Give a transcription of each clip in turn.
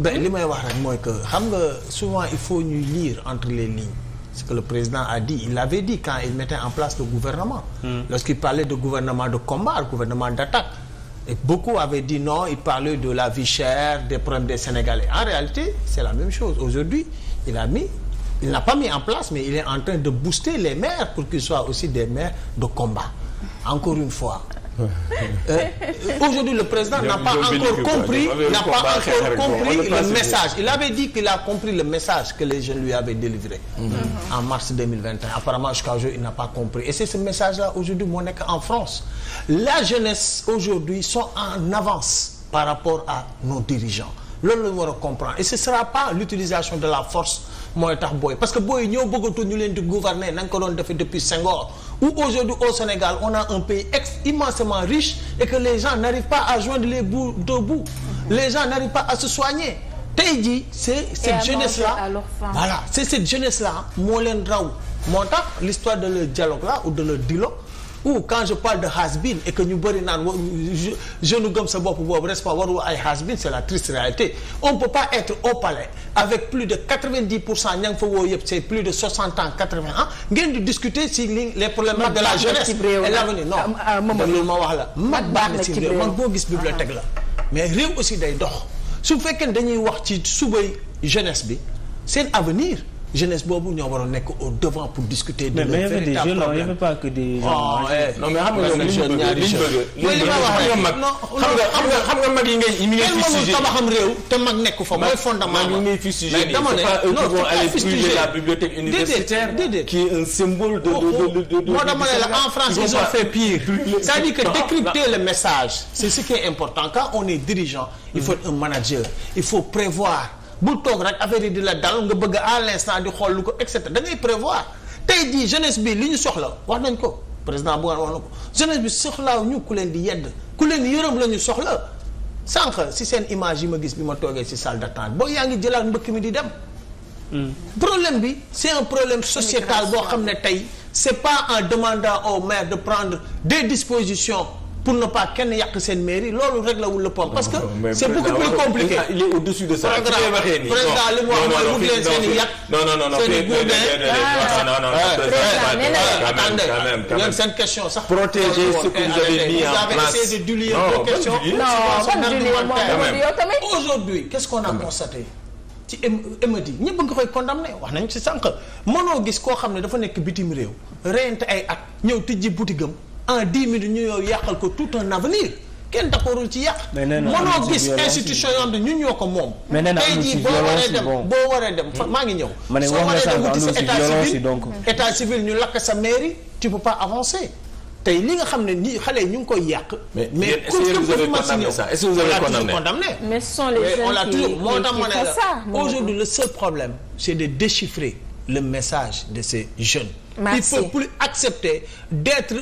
ben li may wax rek mooy que xam nga souvent il faut ñuy lire entre les lignes ce que le président a dit il l'avait dit quand il mettait en place le gouvernement mm. lorsqu'il parlait de gouvernement de combat gouvernement d'attaque et beaucoup avaient dit non il parlait de la vie chère des problèmes des Sénégalais en réalité c'est la même chose aujourd'hui il a mis il n'a pas mis en place mais il est en train de booster les maires pour qu'ils soient aussi des maires de combat encore une fois Euh, aujourd'hui le président n'a pas encore compris n'a pas encore compris le message il avait dit qu'il a compris le message que les jeunes lui avaient délivré mhm. en mars 2021 apparemment jusqu'à aujourd'hui il n'a pas compris et c'est ce message là aujourd'hui moo nekk en France la jeunesse aujourd'hui sont en avance par rapport à nos dirigeants loolu la war a comprendre et ce sera pas l'utilisation de la force mooy tax booy parce que booy ñoo bëggatu ñu leen di na ko doon defee depuis Senghor où aujourd'hui au Sénégal on a un pays ex immensément riche et que les gens n'arrivent pas à joindre les bouts deux mhm. les gens n'arrivent pas à se soigner tey jii c'est cette jeunesse là voilà c'est cette jeunesse là moo leen raw moo tax l'histoire de le dialogue là ou de le dialogue ou quand je parle de has-been et que ñu bëri naan jeune gëm sa bopp boobu n'est-ce ay has c'est la triste réalité on peut pas être au avec plus de 90 pour cent ña nga fa woo yëpp c'est plus de 60 ans 80 ans ngeen di discuter si li les problèmes de la jeunesse et l'avenir non loolu ah, ah, ma wax la mag baax na ci réew man gis bibliothèque la ah, mais réew aussi day dox su fekkee dañuy wax ci subay jeunesse bi seen avenir jeunesse boobu ñoo waroon nekk au devant pour discuter. de mais mais des jeunes il y avait pas que des. Oh, eh, non mais xam nga ñoom jeunes ñaari jeunes. li ma wax rek mag xam nga xam nga xam nga mag yi ngay yi ngay fi sujet tabaxam réew te mag nekk fa mooy fondement ñu ngi fi sujet mais dama ne non pouvons aller priver la bibliothèque universitaire qui est un symbole de de de de moo dama ne la en France ils ont fait pire c'est-à-dire que décrypter le message c'est ce qui est important quand on est dirigeant il faut un manager il faut prévoir bu toog rek affaire yi di la dal nga bëgg à l'instant di xool lu ko et dangay da ngay prévoir tey jii jeunesse bi li ñu soxla wax nañ ko président Bougane wax na ko jeunesse bi soxlaaw ñu ku leen di yedd ku leen di lañu soxla sànq si seen image yi ma gis bi ma toogee si salle d'attente boo yaa ngi jëlaat mbëkk mi di dem. Hmm. problème bi c'est un problème sociétal boo xam ne tey c'est pas en demandant au maire de prendre des dispositions. pour ne pas kenn yàq seen mairie loolu réglé wul le problème parce que c'est beaucoup plus compliqué. il est au-dessus de ça. président li mu wax mooy wut leen seen i yàq. non non non seen i gourdin. président yéen seen question sax. protéger ce que vous avez mis en place. essayé de diluer vos questions. aujourd'hui qu'est-ce qu'on a constaté ci émeutes yi ñëpp nga koy condamné wax nañ ci sànq mënoo gis koo xam ne dafa nekk bitim réew reyante ay at ñëw tijji boutique am en dix minutes ñu yow yàqal ko tout un avenir kenn d'accordul ci yàq. mënoo gis institution yoo xam ne ñun ñoo ko moom. mais tey jii boo waree dem boo waree dem maa ngi ñëw. ma ne wax nga sànq état civil ñu lakk sa mairie tu peux pas avancer. tey li nga xam ne nii xale ñu ngi koy yàq. mais mais est-ce que vous avez condamné ça est-ce que mais ce les jeunes qui moo de déchiffrer le plus accepter d'être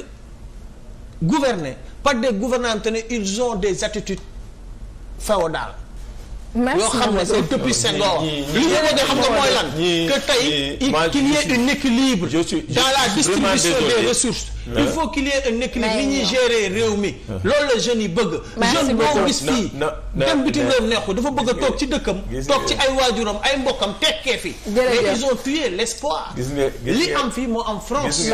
gouvernés par des gouvernants tenez ils ont des attitudes féodales. merci yoo xam ne c'est depuis Senghor. li ñu bëgg a xam nga mooy lan. que tey qu'il y ait un équilibre. je suis dans la distribution des ressources. il faut qu'il y équilibre ni ñuy gérer réew mi. loolu la jeunes yi bëgg. jeune boo gis fii dem bitim réew neexu dafa bëgg a toog ci dëkkam. toog ci ay waajuram ay mbokkam tekkee fi. mais ils ont tué l'espoir. li am fii moo am France.